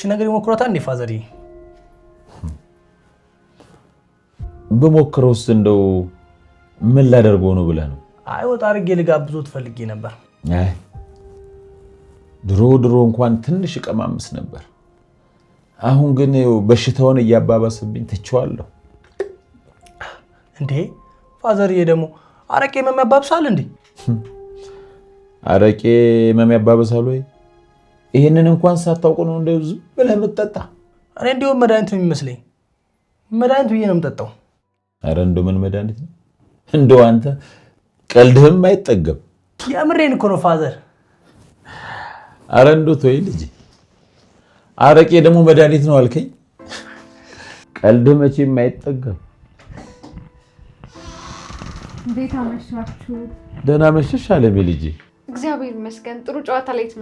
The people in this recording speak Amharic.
እቺ ነገር ይሞክሯታ እንዴ ፋዘሪ? ውስጥ እንደው ምን ላደርገው ነው ብለህ ነው? አይ ወጣ አድርጌ ልጋብዞት ፈልጌ ነበር። አይ ድሮ ድሮ እንኳን ትንሽ እቀማምስ ነበር። አሁን ግን በሽታውን እያባባስብኝ ትቼዋለሁ። እንዴ ፋዘርዬ ደግሞ አረቄ መሚያባብሳል እንዴ? አረቄ መሚያባብሳል ወይ? ይህንን እንኳን ሳታውቁ ነው እንደ ዝም ብለህ የምትጠጣ? እኔ እንዲሁም መድኃኒት ነው የሚመስለኝ። መድኃኒት ብዬ ነው የምጠጣው። አረ እንደ ምን መድኃኒት ነው እንደው አንተ ቀልድህም አይጠገም። የምሬን እኮ ነው ፋዘር። አረ እንዶ ተወይ ልጅ፣ አረቄ ደግሞ መድኃኒት ነው አልከኝ። ቀልድህ መቼም አይጠገብ። እንዴት አመሻችሁ? ደህና መሸሽ አለሜ ልጄ። እግዚአብሔር ይመስገን ጥሩ ጨዋታ ላይ